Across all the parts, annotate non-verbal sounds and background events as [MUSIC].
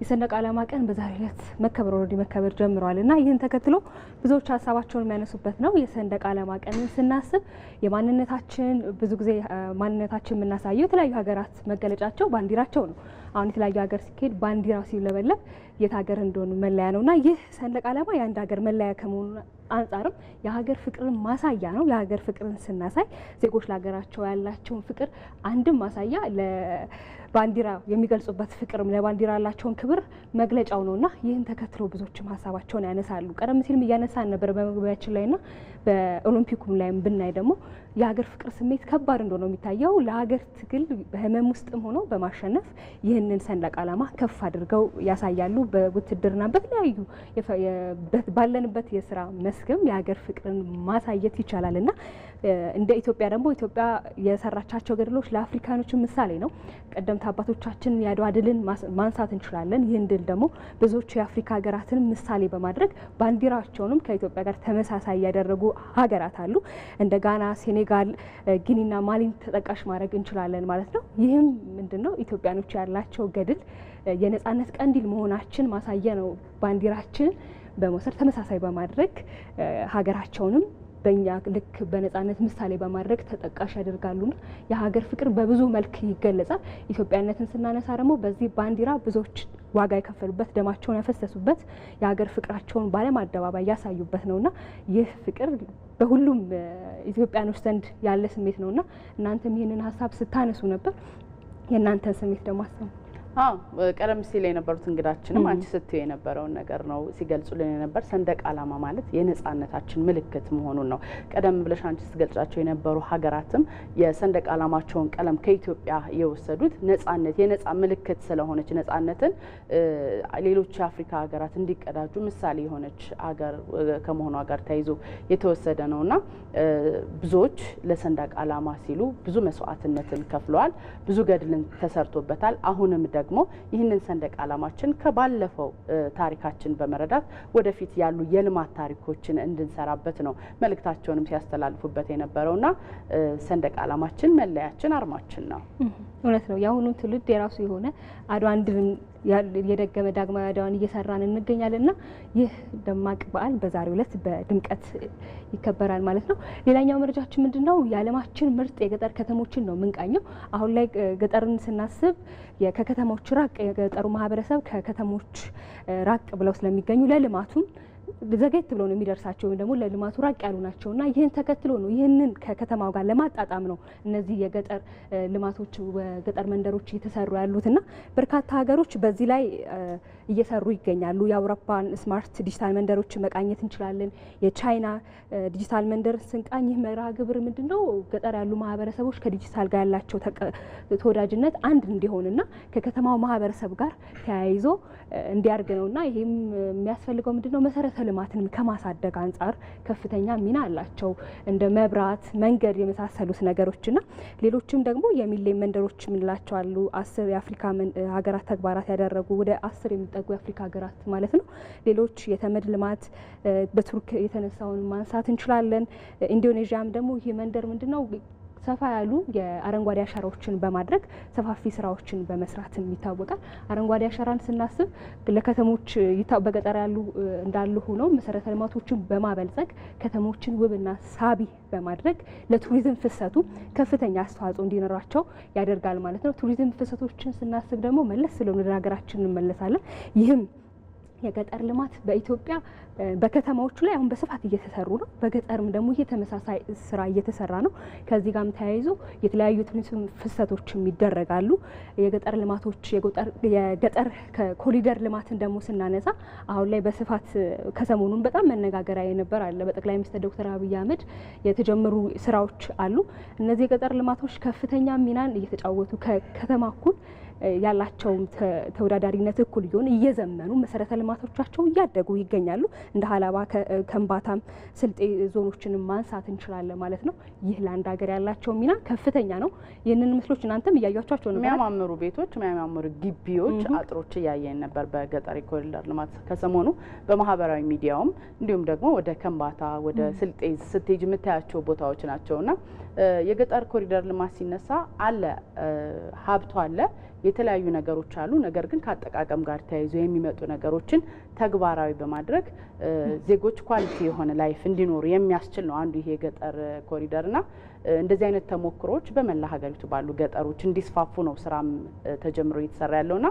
የሰንደቅ ዓላማ ቀን በዛሬው ዕለት መከበር ወረዲ መከበር ጀምረዋል እና ይህን ተከትሎ ብዙዎች ሀሳባቸውን የሚያነሱበት ነው። የሰንደቅ ዓላማ ቀንን ስናስብ የማንነታችን ብዙ ጊዜ ማንነታችን የምናሳየው የተለያዩ ሀገራት መገለጫቸው ባንዲራቸው ነው። አሁን የተለያዩ ሀገር ሲካሄድ ባንዲራ ሲውለበለብ የት ሀገር እንደሆኑ መለያ ነው እና ይህ ሰንደቅ ዓላማ የአንድ ሀገር መለያ ከመሆኑ አንጻርም የሀገር ፍቅርን ማሳያ ነው። የሀገር ፍቅርን ስናሳይ ዜጎች ለሀገራቸው ያላቸውን ፍቅር አንድም ማሳያ ለባንዲራ የሚገልጹበት ፍቅርም ለባንዲራ ያላቸውን ክብር መግለጫው ነው እና ይህን ተከትሎ ብዙዎችም ሀሳባቸውን ያነሳሉ። ቀደም ሲልም እያነሳን ነበር በመግቢያችን ና በኦሎምፒኩም ላይም ብናይ ደግሞ የሀገር ፍቅር ስሜት ከባድ እንደሆነ የሚታየው ለሀገር ትግል በህመም ውስጥም ሆኖ በማሸነፍ ይህንን ሰንደቅ ዓላማ ከፍ አድርገው ያሳያሉ። በውትድርና በተለያዩ ባለንበት የስራ መስክም የሀገር ፍቅርን ማሳየት ይቻላል እና እንደ ኢትዮጵያ ደግሞ ኢትዮጵያ የሰራቻቸው ገድሎች ለአፍሪካኖች ምሳሌ ነው። ቀደምት አባቶቻችን የአድዋ ድልን ማንሳት እንችላለን። ይህን ድል ደግሞ ብዙዎቹ የአፍሪካ ሀገራትን ምሳሌ በማድረግ ባንዲራቸውንም ከኢትዮጵያ ጋር ተመሳሳይ ያደረጉ ሀገራት አሉ። እንደ ጋና፣ ሴኔጋል፣ ጊኒና ማሊን ተጠቃሽ ማድረግ እንችላለን ማለት ነው። ይህም ምንድን ነው ኢትዮጵያኖች ያላቸው ገድል የነጻነት ቀንዲል መሆናችን ማሳያ ነው። ባንዲራችን በመውሰድ ተመሳሳይ በማድረግ ሀገራቸውንም በእኛ ልክ በነፃነት ምሳሌ በማድረግ ተጠቃሽ ያደርጋሉና የሀገር ፍቅር በብዙ መልክ ይገለጻል። ኢትዮጵያነትን ስናነሳ ደግሞ በዚህ ባንዲራ ብዙዎች ዋጋ የከፈሉበት ደማቸውን ያፈሰሱበት የሀገር ፍቅራቸውን በዓለም አደባባይ ያሳዩበት ነውና ይህ ፍቅር በሁሉም ኢትዮጵያኖች ዘንድ ያለ ስሜት ነውና እናንተም ይህንን ሀሳብ ስታነሱ ነበር። የእናንተን ስሜት ደግሞ አሰሙ። ቀደም ሲል የነበሩት እንግዳችንም አንቺ ስትዩ የነበረውን ነገር ነው ሲገልጹልን የነበር። ሰንደቅ ዓላማ ማለት የነጻነታችን ምልክት መሆኑን ነው። ቀደም ብለሽ አንቺ ስትገልጻቸው የነበሩ ሀገራትም የሰንደቅ ዓላማቸውን ቀለም ከኢትዮጵያ የወሰዱት ነጻነት የነጻ ምልክት ስለሆነች ነጻነትን ሌሎች የአፍሪካ ሀገራት እንዲቀዳጁ ምሳሌ የሆነች ሀገር ከመሆኗ ጋር ተይዞ የተወሰደ ነው እና ብዙዎች ለሰንደቅ ዓላማ ሲሉ ብዙ መስዋዕትነትን ከፍለዋል። ብዙ ገድልን ተሰርቶበታል። አሁንም ደግሞ ይህንን ሰንደቅ ዓላማችን ከባለፈው ታሪካችን በመረዳት ወደፊት ያሉ የልማት ታሪኮችን እንድንሰራበት ነው መልእክታቸውንም ሲያስተላልፉበት የነበረውና ሰንደቅ ዓላማችን መለያችን፣ አርማችን ነው። እውነት ነው። የአሁኑ ትውልድ የራሱ የሆነ አድዋን አንድም የደገመ ዳግማዊ አድዋን እየሰራን እንገኛለን እና ይህ ደማቅ በዓል በዛሬው ዕለት በድምቀት ይከበራል ማለት ነው። ሌላኛው መረጃችን ምንድን ነው? የዓለማችን ምርጥ የገጠር ከተሞችን ነው የምንቃኘው። አሁን ላይ ገጠርን ስናስብ ከከተሞች ራቅ የገጠሩ ማህበረሰብ ከከተሞች ራቅ ብለው ስለሚገኙ ለልማቱም ዘገት ብሎ ነው የሚደርሳቸው ወይም ደግሞ ለልማቱ ራቅ ያሉ ናቸው እና ይህን ተከትሎ ነው ይህንን ከከተማው ጋር ለማጣጣም ነው እነዚህ የገጠር ልማቶች በገጠር መንደሮች እየተሰሩ ያሉት እና በርካታ ሀገሮች በዚህ ላይ እየሰሩ ይገኛሉ። የአውሮፓን ስማርት ዲጂታል መንደሮች መቃኘት እንችላለን። የቻይና ዲጂታል መንደር ስንቃኝ ይህ መርሃ ግብር ምንድን ነው ገጠር ያሉ ማህበረሰቦች ከዲጂታል ጋር ያላቸው ተወዳጅነት አንድ እንዲሆንና ከከተማው ማህበረሰብ ጋር ተያይዞ እንዲያርግ ነውና ይህም የሚያስፈልገው ምንድን ነው መሰረተ ልማትን ከማሳደግ አንጻር ከፍተኛ ሚና አላቸው። እንደ መብራት፣ መንገድ የመሳሰሉት ነገሮችና ሌሎችም ደግሞ የሚሌ መንደሮች የምንላቸው አሉ። አስር የአፍሪካ ሀገራት ተግባራት ያደረጉ ወደ አስር የሚጠጉ የአፍሪካ ሀገራት ማለት ነው። ሌሎች የተመድ ልማት በቱርክ የተነሳውን ማንሳት እንችላለን። ኢንዶኔዥያም ደግሞ ይህ መንደር ምንድነው ሰፋ ያሉ የአረንጓዴ አሻራዎችን በማድረግ ሰፋፊ ስራዎችን በመስራትም ይታወቃል። አረንጓዴ አሻራን ስናስብ ለከተሞች በገጠር ያሉ እንዳሉ ሆነው መሰረተ ልማቶችን በማበልጸግ ከተሞችን ውብና ሳቢ በማድረግ ለቱሪዝም ፍሰቱ ከፍተኛ አስተዋጽኦ እንዲኖራቸው ያደርጋል ማለት ነው። ቱሪዝም ፍሰቶችን ስናስብ ደግሞ መለስ ስለሆነ ወደ ሀገራችን እንመለሳለን። ይህም የገጠር ልማት በኢትዮጵያ በከተማዎቹ ላይ አሁን በስፋት እየተሰሩ ነው። በገጠርም ደግሞ የተመሳሳይ ስራ እየተሰራ ነው። ከዚህ ጋርም ተያይዞ የተለያዩ ቱሪዝም ፍሰቶችም ይደረጋሉ። የገጠር ልማቶች የገጠር ኮሪደር ልማትን ደግሞ ስናነሳ አሁን ላይ በስፋት ከሰሞኑን በጣም መነጋገሪያ የነበር አለ። በጠቅላይ ሚኒስትር ዶክተር አብይ አህመድ የተጀመሩ ስራዎች አሉ። እነዚህ የገጠር ልማቶች ከፍተኛ ሚናን እየተጫወቱ ከከተማ እኩል ያላቸው ተወዳዳሪነት እኩል እየሆነ እየዘመኑ መሰረተ ልማቶቻቸው እያደጉ ይገኛሉ። እንደ ሀላባ ከንባታም ስልጤ ዞኖችንም ማንሳት እንችላለን ማለት ነው። ይህ ለአንድ ሀገር ያላቸው ሚና ከፍተኛ ነው። ይህንን ምስሎች እናንተም እያያቸቸው ነው። የሚያማምሩ ቤቶች፣ የሚያማምሩ ግቢዎች፣ አጥሮች እያየን ነበር በገጠር ኮሪደር ልማት ከሰሞኑ በማህበራዊ ሚዲያውም እንዲሁም ደግሞ ወደ ከንባታ ወደ ስልጤ ስቴጅ የምታያቸው ቦታዎች ናቸውና የገጠር ኮሪደር ልማት ሲነሳ አለ ሀብቶ አለ የተለያዩ ነገሮች አሉ። ነገር ግን ከአጠቃቀም ጋር ተያይዞ የሚመጡ ነገሮችን ተግባራዊ በማድረግ ዜጎች ኳሊቲ የሆነ ላይፍ እንዲኖሩ የሚያስችል ነው አንዱ ይሄ የገጠር ኮሪደርና እንደዚህ አይነት ተሞክሮዎች በመላ ሀገሪቱ ባሉ ገጠሮች እንዲስፋፉ ነው ስራም ተጀምሮ እየተሰራ ያለውና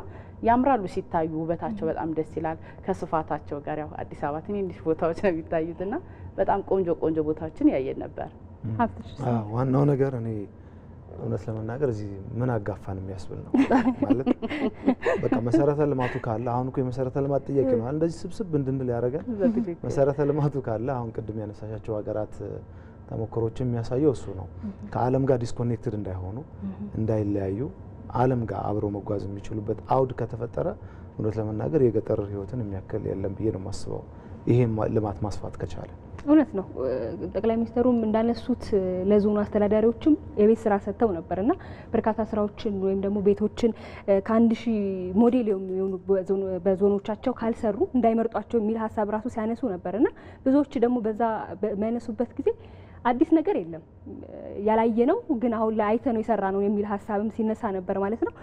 ያምራሉ ሲታዩ ውበታቸው በጣም ደስ ይላል። ከስፋታቸው ጋር ያው አዲስ አበባ ትንንሽ ቦታዎች ነው የሚታዩትና በጣም ቆንጆ ቆንጆ ቦታዎችን ያየን ነበር። ዋናው ነገር እኔ እውነት ለመናገር እዚህ ምን አጋፋን የሚያስብል ነው ማለት በቃ መሰረተ ልማቱ ካለ አሁን እኮ የመሰረተ ልማት ጥያቄ ነው እንደዚህ ስብስብ እንድንል ያደረገን መሰረተ ልማቱ ካለ አሁን ቅድም ያነሳሻቸው ሀገራት ተሞክሮች የሚያሳየው እሱ ነው። ከአለም ጋር ዲስኮኔክትድ እንዳይሆኑ እንዳይለያዩ አለም ጋር አብረው መጓዝ የሚችሉበት አውድ ከተፈጠረ እውነት ለመናገር የገጠር ህይወትን የሚያክል የለም ብዬ ነው የማስበው። ይሄ ልማት ማስፋት ከቻለ እውነት ነው። ጠቅላይ ሚኒስትሩም እንዳነሱት ለዞኑ አስተዳዳሪዎችም የቤት ስራ ሰጥተው ነበር እና በርካታ ስራዎችን ወይም ደግሞ ቤቶችን ከአንድ ሺህ ሞዴል የሚሆኑ በዞኖቻቸው ካልሰሩ እንዳይመርጧቸው የሚል ሀሳብ ራሱ ሲያነሱ ነበር እና ብዙዎች ደግሞ በዛ በሚያነሱበት ጊዜ አዲስ ነገር የለም ያላየ ነው ግን አሁን ላይ አይተ ነው የሰራ ነው የሚል ሀሳብም ሲነሳ ነበር ማለት ነው።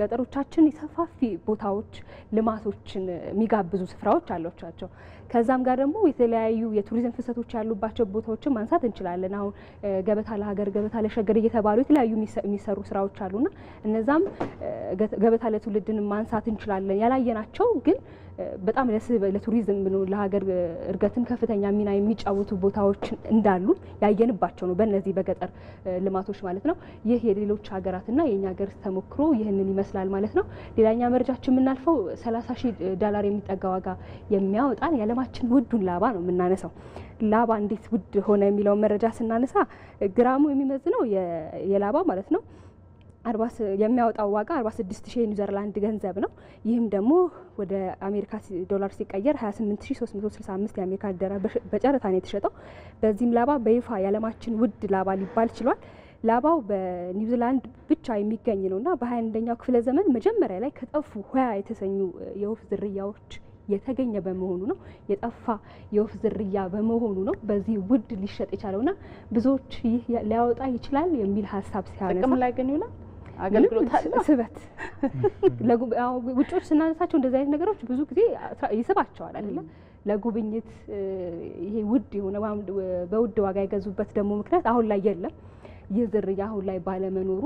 ገጠሮቻችን ሰፋፊ ቦታዎች ልማቶችን የሚጋብዙ ስፍራዎች አሏቸው። ከዛም ጋር ደግሞ የተለያዩ የቱሪዝም ፍሰቶች ያሉባቸው ቦታዎችን ማንሳት እንችላለን። አሁን ገበታ ለሀገር፣ ገበታ ለሸገር እየተባሉ የተለያዩ የሚሰሩ ስራዎች አሉና እነዛም ገበታ ለትውልድን ማንሳት እንችላለን ያላየናቸው ግን በጣም ለቱሪዝም ለሀገር እድገትም ከፍተኛ ሚና የሚጫወቱ ቦታዎች እንዳሉ ያየንባቸው ነው። በእነዚህ በገጠር ልማቶች ማለት ነው። ይህ የሌሎች ሀገራትና የእኛ ሀገር ተሞክሮ ይህንን ይመስላል ማለት ነው። ሌላኛ መረጃችን የምናልፈው ሰላሳ ሺህ ዶላር የሚጠጋ ዋጋ የሚያወጣን የዓለማችን ውዱን ላባ ነው የምናነሳው። ላባ እንዴት ውድ ሆነ የሚለውን መረጃ ስናነሳ ግራሙ የሚመዝነው የላባ ማለት ነው የሚያወጣው ዋጋ 46 ሺህ የኒውዘርላንድ ገንዘብ ነው። ይህም ደግሞ ወደ አሜሪካ ዶላር ሲቀየር 28365 የአሜሪካ ዶላር በጨረታ ነው የተሸጠው። በዚህም ላባ በይፋ የዓለማችን ውድ ላባ ሊባል ችሏል። ላባው በኒውዚላንድ ብቻ የሚገኝ ነውና በ21ኛው ክፍለ ዘመን መጀመሪያ ላይ ከጠፉ ሆያ የተሰኙ የወፍ ዝርያዎች የተገኘ በመሆኑ ነው። የጠፋ የወፍ ዝርያ በመሆኑ ነው በዚህ ውድ ሊሸጥ የቻለውና ብዙዎች ይህ ሊያወጣ ይችላል የሚል ሀሳብ ሲያነሳ ጥቅም ላይ ግን ይውላል አገልግሎት ስበት [LAUGHS] ውጮች ስናነሳቸው እንደዚህ አይነት ነገሮች ብዙ ጊዜ ይስባቸዋል አይደለም። ለጉብኝት ይሄ ውድ የሆነ በውድ ዋጋ የገዙበት ደግሞ ምክንያት አሁን ላይ የለም። ይህ ዝርያ አሁን ላይ ባለመኖሩ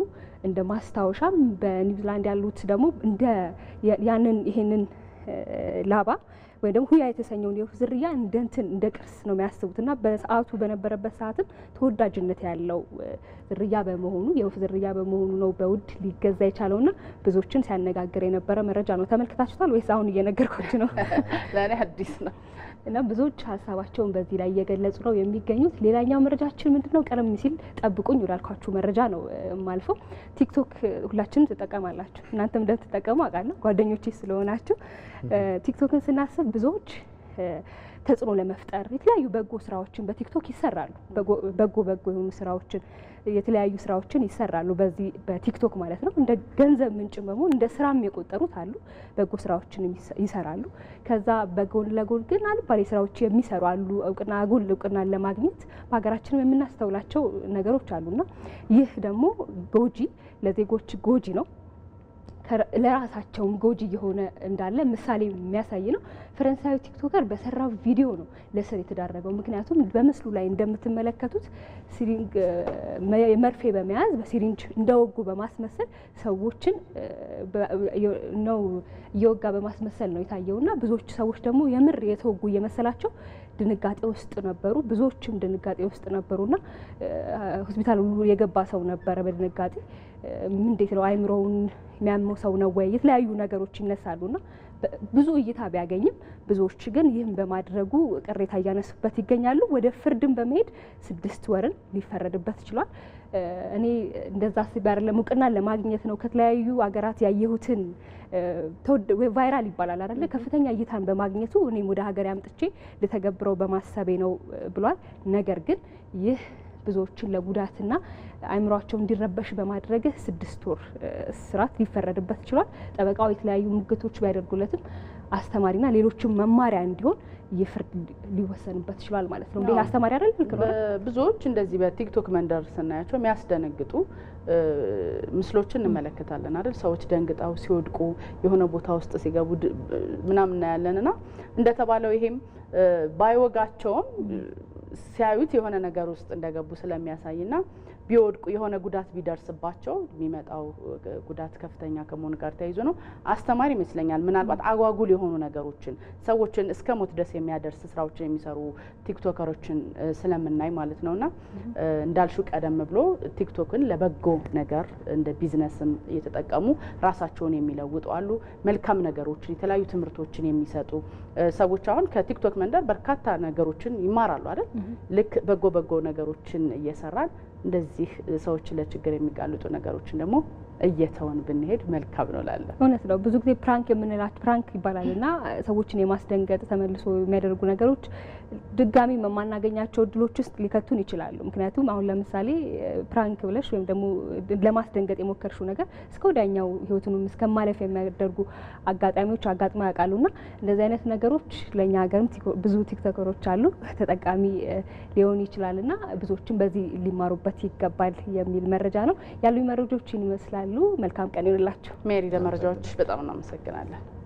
እንደ ማስታወሻም በኒውዚላንድ ያሉት ደግሞ እንደ ያንን ይሄንን ላባ ወይም ደግሞ ሁያ የተሰኘውን የወፍ ዝርያ እንደ እንትን እንደ ቅርስ ነው የሚያስቡት እና በሰዓቱ በነበረበት ሰዓትም ተወዳጅነት ያለው ዝርያ በመሆኑ የወፍ ዝርያ በመሆኑ ነው በውድ ሊገዛ የቻለው እና ብዙዎችን ሲያነጋግር የነበረ መረጃ ነው። ተመልክታችሁታል ወይስ አሁን እየነገርኩት ነው? ዛሬ አዲስ ነው። እና ብዙዎች ሀሳባቸውን በዚህ ላይ እየገለጹ ነው የሚገኙት። ሌላኛው መረጃችን ምንድን ነው? ቀደም ሲል ጠብቁኝ ላልኳችሁ መረጃ ነው የማልፈው። ቲክቶክ ሁላችንም ትጠቀማላችሁ፣ እናንተም እንደምትጠቀሙ አውቃለሁ ጓደኞቼ ስለሆናችሁ። ቲክቶክን ስናስብ ብዙዎች ተጽዕኖ ለመፍጠር የተለያዩ በጎ ስራዎችን በቲክቶክ ይሰራሉ። በጎ በጎ የሆኑ ስራዎችን የተለያዩ ስራዎችን ይሰራሉ በዚህ በቲክቶክ ማለት ነው። እንደ ገንዘብ ምንጭ በመሆን እንደ ስራም የቆጠሩት አሉ። በጎ ስራዎችን ይሰራሉ። ከዛ በጎን ለጎን ግን አልባሌ ስራዎች የሚሰሩ አሉ። እውቅና ጎን እውቅናን ለማግኘት በሀገራችንም የምናስተውላቸው ነገሮች አሉና ይህ ደግሞ ጎጂ ለዜጎች ጎጂ ነው። ለራሳቸውም ጎጂ እየሆነ እንዳለ ምሳሌ የሚያሳይ ነው። ፈረንሳዊ ቲክቶከር በሰራው ቪዲዮ ነው ለስር የተዳረገው። ምክንያቱም በምስሉ ላይ እንደምትመለከቱት መርፌ በመያዝ በሲሪንጅ እንደወጉ በማስመሰል ሰዎችን ነው እየወጋ በማስመሰል ነው የታየውና ብዙዎች ሰዎች ደግሞ የምር የተወጉ እየመሰላቸው ድንጋጤ ውስጥ ነበሩ። ብዙዎችም ድንጋጤ ውስጥ ነበሩና ሆስፒታል የገባ ሰው ነበረ በድንጋጤ እንዴት ነው አይምሮውን የሚያመው ሰው ነው ወይ? የተለያዩ ነገሮች ይነሳሉና ብዙ እይታ ቢያገኝም ብዙዎች ግን ይህም በማድረጉ ቅሬታ እያነሱበት ይገኛሉ። ወደ ፍርድም በመሄድ ስድስት ወርን ሊፈረድበት ችሏል። እኔ እንደዛ ሲባር እውቅና ለማግኘት ነው። ከተለያዩ ሀገራት ያየሁትን ቫይራል ይባላል አይደለ? ከፍተኛ እይታን በማግኘቱ እኔም ወደ ሀገር ያምጥቼ ልተገብረው በማሰቤ ነው ብሏል። ነገር ግን ይህ ብዙዎችን ለጉዳትና አይምሯቸው እንዲረበሽ በማድረግ ስድስት ወር እስራት ሊፈረድበት ችሏል። ጠበቃው የተለያዩ ሙግቶች ቢያደርጉለትም አስተማሪና ሌሎችም መማሪያ እንዲሆን የፍርድ ሊወሰንበት ችሏል ማለት ነው። እንዴ አስተማሪ አይደል? ብዙዎች እንደዚህ በቲክቶክ መንደር ስናያቸው የሚያስደነግጡ ምስሎችን እንመለከታለን አይደል? ሰዎች ደንግጠው ሲወድቁ የሆነ ቦታ ውስጥ ሲገቡ ምናምን እናያለን እና እንደተባለው ይሄም ባይወጋቸውም ሲያዩት የሆነ ነገር ውስጥ እንደገቡ ስለሚያሳይና ቢወድቁ የሆነ ጉዳት ቢደርስባቸው የሚመጣው ጉዳት ከፍተኛ ከመሆኑ ጋር ተያይዞ ነው። አስተማሪ ይመስለኛል። ምናልባት አጓጉል የሆኑ ነገሮችን ሰዎችን እስከ ሞት ደስ የሚያደርስ ስራዎችን የሚሰሩ ቲክቶከሮችን ስለምናይ ማለት ነውና እንዳልሹ ቀደም ብሎ ቲክቶክን ለበጎ ነገር እንደ ቢዝነስም እየተጠቀሙ ራሳቸውን የሚለውጡ አሉ። መልካም ነገሮችን የተለያዩ ትምህርቶችን የሚሰጡ ሰዎች አሁን ከቲክቶክ መንደር በርካታ ነገሮችን ይማራሉ አይደል? ልክ በጎ በጎ ነገሮችን እየሰራን እንደዚህ ሰዎችን ለችግር የሚጋልጡ ነገሮችን ደግሞ እየተውን ብንሄድ መልካም ነው ላለ እውነት ነው። ብዙ ጊዜ ፕራንክ የምንላቸው ፕራንክ ይባላል እና ሰዎችን የማስደንገጥ ተመልሶ የሚያደርጉ ነገሮች ድጋሚ የማናገኛቸው እድሎች ውስጥ ሊከቱን ይችላሉ። ምክንያቱም አሁን ለምሳሌ ፕራንክ ብለሽ ወይም ደግሞ ለማስደንገጥ የሞከርሽው ነገር እስከ ወዲያኛው ህይወቱንም እስከ ማለፍ የሚያደርጉ አጋጣሚዎች አጋጥሞ ያውቃሉ እና እንደዚህ አይነት ነገሮች ለእኛ ሀገርም ብዙ ቲክቶከሮች አሉ ተጠቃሚ ሊሆን ይችላል እና ብዙዎችም በዚህ ሊማሩበት ይገባል የሚል መረጃ ነው ያሉ መረጃዎችን ይመስላል። ይችላሉ። መልካም ቀን ይሁንላችሁ። ሜሪ ለመረጃዎች በጣም እናመሰግናለን።